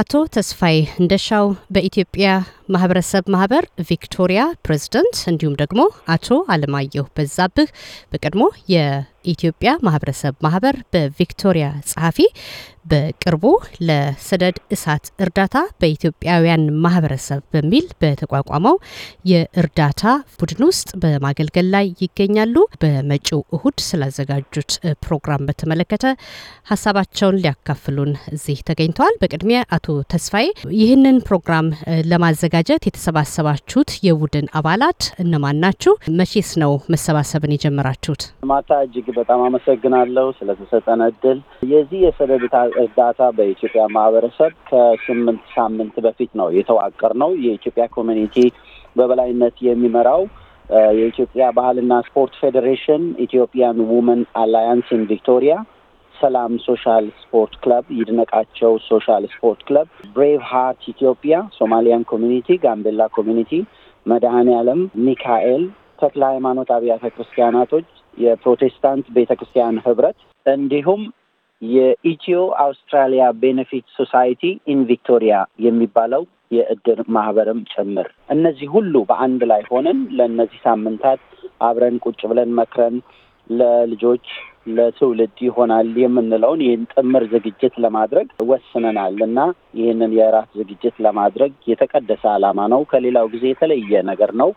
አቶ ተስፋዬ እንደሻው በኢትዮጵያ ማህበረሰብ ማህበር ቪክቶሪያ ፕሬዚደንት፣ እንዲሁም ደግሞ አቶ አለማየሁ በዛብህ በቀድሞ የ ኢትዮጵያ ማህበረሰብ ማህበር በቪክቶሪያ ጸሐፊ በቅርቡ ለሰደድ እሳት እርዳታ በኢትዮጵያውያን ማህበረሰብ በሚል በተቋቋመው የእርዳታ ቡድን ውስጥ በማገልገል ላይ ይገኛሉ። በመጪው እሁድ ስላዘጋጁት ፕሮግራም በተመለከተ ሀሳባቸውን ሊያካፍሉን እዚህ ተገኝተዋል። በቅድሚያ አቶ ተስፋዬ ይህንን ፕሮግራም ለማዘጋጀት የተሰባሰባችሁት የቡድን አባላት እነማን ናችሁ? መቼስ ነው መሰባሰብን የጀመራችሁት? ማታ እጅግ በጣም አመሰግናለሁ ስለተሰጠን እድል። የዚህ የሰደድ እርዳታ በኢትዮጵያ ማህበረሰብ ከስምንት ሳምንት በፊት ነው የተዋቀር ነው። የኢትዮጵያ ኮሚኒቲ በበላይነት የሚመራው የኢትዮጵያ ባህልና ስፖርት ፌዴሬሽን፣ ኢትዮጵያን ውመን አላያንስ ኢን ቪክቶሪያ፣ ሰላም ሶሻል ስፖርት ክለብ፣ ይድነቃቸው ሶሻል ስፖርት ክለብ፣ ብሬቭ ሃርት ኢትዮጵያ፣ ሶማሊያን ኮሚኒቲ፣ ጋምቤላ ኮሚኒቲ፣ መድኃኔ ዓለም ሚካኤል፣ ተክለ ሃይማኖት አብያተ ክርስቲያናቶች የፕሮቴስታንት ቤተ ክርስቲያን ህብረት እንዲሁም የኢትዮ አውስትራሊያ ቤኔፊት ሶሳይቲ ኢን ቪክቶሪያ የሚባለው የእድር ማህበርም ጭምር እነዚህ ሁሉ በአንድ ላይ ሆነን ለእነዚህ ሳምንታት አብረን ቁጭ ብለን መክረን ለልጆች ለትውልድ ይሆናል የምንለውን ይህን ጥምር ዝግጅት ለማድረግ ወስነናል እና ይህንን የራት ዝግጅት ለማድረግ የተቀደሰ ዓላማ ነው። ከሌላው ጊዜ የተለየ ነገር ነው።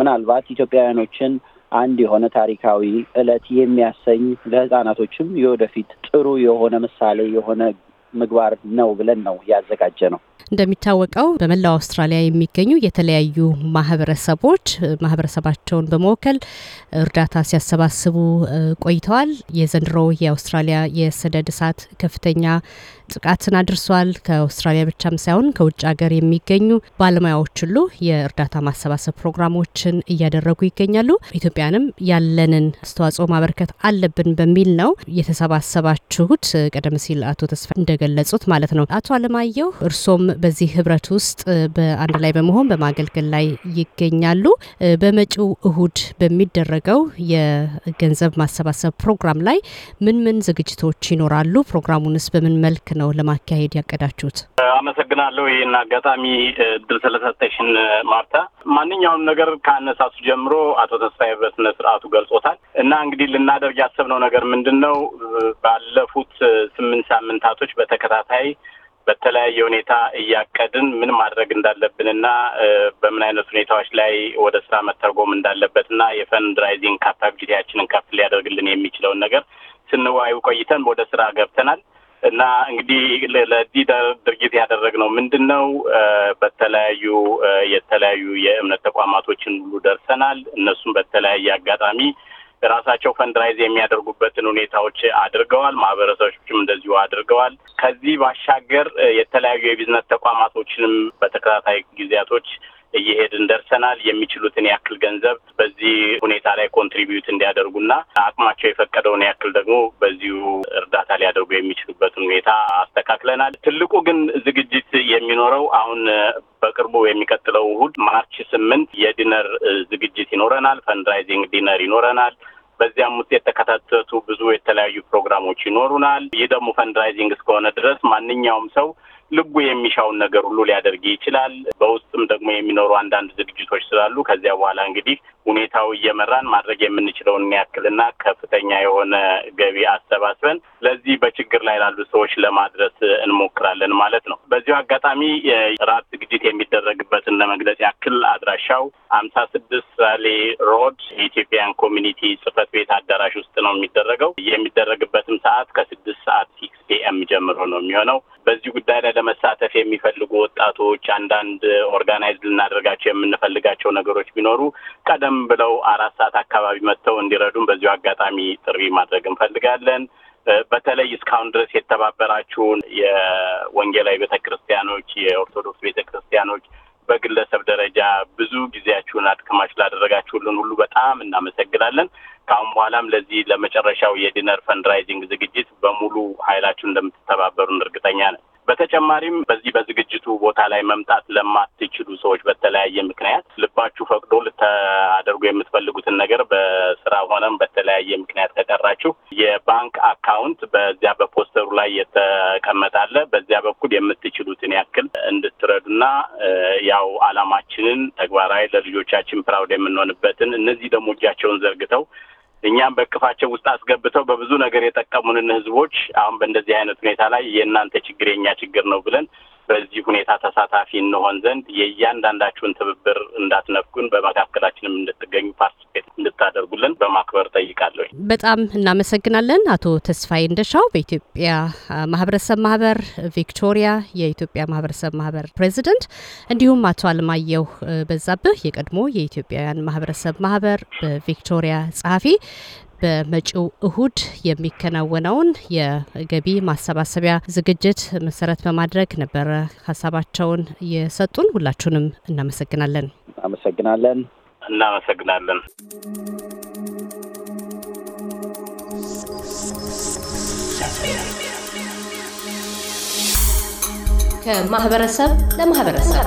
ምናልባት ኢትዮጵያውያኖችን አንድ የሆነ ታሪካዊ እለት የሚያሰኝ ለህፃናቶችም የወደፊት ጥሩ የሆነ ምሳሌ የሆነ ምግባር ነው ብለን ነው ያዘጋጀ ነው። እንደሚታወቀው በመላው አውስትራሊያ የሚገኙ የተለያዩ ማህበረሰቦች ማህበረሰባቸውን በመወከል እርዳታ ሲያሰባስቡ ቆይተዋል። የዘንድሮ የአውስትራሊያ የሰደድ እሳት ከፍተኛ ጥቃትን አድርሷል። ከአውስትራሊያ ብቻም ሳይሆን ከውጭ ሀገር የሚገኙ ባለሙያዎች ሁሉ የእርዳታ ማሰባሰብ ፕሮግራሞችን እያደረጉ ይገኛሉ። ኢትዮጵያንም ያለንን አስተዋጽኦ ማበረከት አለብን በሚል ነው የተሰባሰባችሁት፣ ቀደም ሲል አቶ ተስፋ እንደገለጹት ማለት ነው። አቶ አለማየሁ እርሶም በዚህ ህብረት ውስጥ በአንድ ላይ በመሆን በማገልገል ላይ ይገኛሉ። በመጪው እሁድ በሚደረገው የገንዘብ ማሰባሰብ ፕሮግራም ላይ ምን ምን ዝግጅቶች ይኖራሉ? ፕሮግራሙንስ በምን መልክ ነው ለማካሄድ ያቀዳችሁት? አመሰግናለሁ ይህን አጋጣሚ እድል ስለሰጠሽን ማርታ። ማንኛውም ነገር ከአነሳሱ ጀምሮ አቶ ተስፋዬ በስነ ስርዓቱ ገልጾታል እና እንግዲህ ልናደርግ ያሰብነው ነገር ምንድን ነው? ባለፉት ስምንት ሳምንታቶች በተከታታይ በተለያየ ሁኔታ እያቀድን ምን ማድረግ እንዳለብንና በምን አይነት ሁኔታዎች ላይ ወደ ስራ መተርጎም እንዳለበትና የፈንድ ራይዚንግ ካፓቢሊቲያችንን ከፍ ሊያደርግልን የሚችለውን ነገር ስንወያዩ ቆይተን ወደ ስራ ገብተናል እና እንግዲህ ለዚህ ድርጊት ያደረግነው ምንድን ነው? በተለያዩ የተለያዩ የእምነት ተቋማቶችን ሁሉ ደርሰናል። እነሱም በተለያየ አጋጣሚ ራሳቸው ፈንድራይዝ የሚያደርጉበትን ሁኔታዎች አድርገዋል። ማህበረሰቦችም እንደዚሁ አድርገዋል። ከዚህ ባሻገር የተለያዩ የቢዝነስ ተቋማቶችንም በተከታታይ ጊዜያቶች እየሄድን ደርሰናል። የሚችሉትን ያክል ገንዘብ በዚህ ሁኔታ ላይ ኮንትሪቢዩት እንዲያደርጉና አቅማቸው የፈቀደውን ያክል ደግሞ በዚሁ እርዳታ ሊያደርጉ የሚችሉበትን ሁኔታ አስተካክለናል። ትልቁ ግን ዝግጅት የሚኖረው አሁን በቅርቡ የሚቀጥለው እሁድ ማርች ስምንት የዲነር ዝግጅት ይኖረናል። ፈንድራይዚንግ ዲነር ይኖረናል። በዚያም ውስጥ የተከታተቱ ብዙ የተለያዩ ፕሮግራሞች ይኖሩናል። ይህ ደግሞ ፈንድራይዚንግ እስከሆነ ድረስ ማንኛውም ሰው ልቡ የሚሻውን ነገር ሁሉ ሊያደርግ ይችላል። በውስጥም ደግሞ የሚኖሩ አንዳንድ ዝግጅቶች ስላሉ ከዚያ በኋላ እንግዲህ ሁኔታው እየመራን ማድረግ የምንችለውን ያክልና ከፍተኛ የሆነ ገቢ አሰባስበን ለዚህ በችግር ላይ ላሉ ሰዎች ለማድረስ እንሞክራለን ማለት ነው። በዚሁ አጋጣሚ የራት ዝግጅት የሚደረግበትን ለመግለጽ ያክል አድራሻው አምሳ ስድስት ራሌ ሮድ የኢትዮጵያን ኮሚኒቲ ጽህፈት ቤት አዳራሽ ውስጥ ነው የሚደረገው። የሚደረግበትም ሰዓት ከስድስት ሰዓት ሲክስ ፒኤም ጀምሮ ነው የሚሆነው። በዚህ ጉዳይ ላይ መሳተፍ የሚፈልጉ ወጣቶች አንዳንድ ኦርጋናይዝ ልናደርጋቸው የምንፈልጋቸው ነገሮች ቢኖሩ ቀደም ብለው አራት ሰዓት አካባቢ መጥተው እንዲረዱን በዚሁ አጋጣሚ ጥሪ ማድረግ እንፈልጋለን። በተለይ እስካሁን ድረስ የተባበራችሁን የወንጌላዊ ቤተክርስቲያኖች የኦርቶዶክስ ቤተክርስቲያኖች በግለሰብ ደረጃ ብዙ ጊዜያችሁን አድክማችሁ ላደረጋችሁልን ሁሉ በጣም እናመሰግናለን። ከአሁን በኋላም ለዚህ ለመጨረሻው የዲነር ፈንድራይዚንግ ዝግጅት በሙሉ ኃይላችሁ እንደምትተባበሩን እርግጠኛ ነን። በተጨማሪም በዚህ በዝግጅቱ ቦታ ላይ መምጣት ለማትችሉ ሰዎች በተለያየ ምክንያት ልባችሁ ፈቅዶ ልታደርጉ የምትፈልጉትን ነገር በስራ ሆነም በተለያየ ምክንያት ከቀራችሁ የባንክ አካውንት በዚያ በፖስተሩ ላይ የተቀመጣለ በዚያ በኩል የምትችሉትን ያክል እንድትረዱና ያው አላማችንን ተግባራዊ ለልጆቻችን ፕራውድ የምንሆንበትን እነዚህ ደግሞ እጃቸውን ዘርግተው እኛም በእቅፋቸው ውስጥ አስገብተው በብዙ ነገር የጠቀሙንን ህዝቦች አሁን በእንደዚህ አይነት ሁኔታ ላይ የእናንተ ችግር የኛ ችግር ነው ብለን በዚህ ሁኔታ ተሳታፊ እንሆን ዘንድ የእያንዳንዳችሁን ትብብር እንዳትነኩን በመካከላችንም እንድትገኙ ፓርቲስፔት እንድታደርጉልን በማክበር ጠይቃለሁ። በጣም እናመሰግናለን። አቶ ተስፋዬ እንደሻው በኢትዮጵያ ማህበረሰብ ማህበር ቪክቶሪያ የኢትዮጵያ ማህበረሰብ ማህበር ፕሬዚደንት፣ እንዲሁም አቶ አለማየሁ በዛብህ የቀድሞ የኢትዮጵያውያን ማህበረሰብ ማህበር በቪክቶሪያ ጸሐፊ በመጪው እሁድ የሚከናወነውን የገቢ ማሰባሰቢያ ዝግጅት መሰረት በማድረግ ነበረ ሀሳባቸውን የሰጡን። ሁላችሁንም እናመሰግናለን። እናመሰግናለን። እናመሰግናለን። ከማህበረሰብ ለማህበረሰብ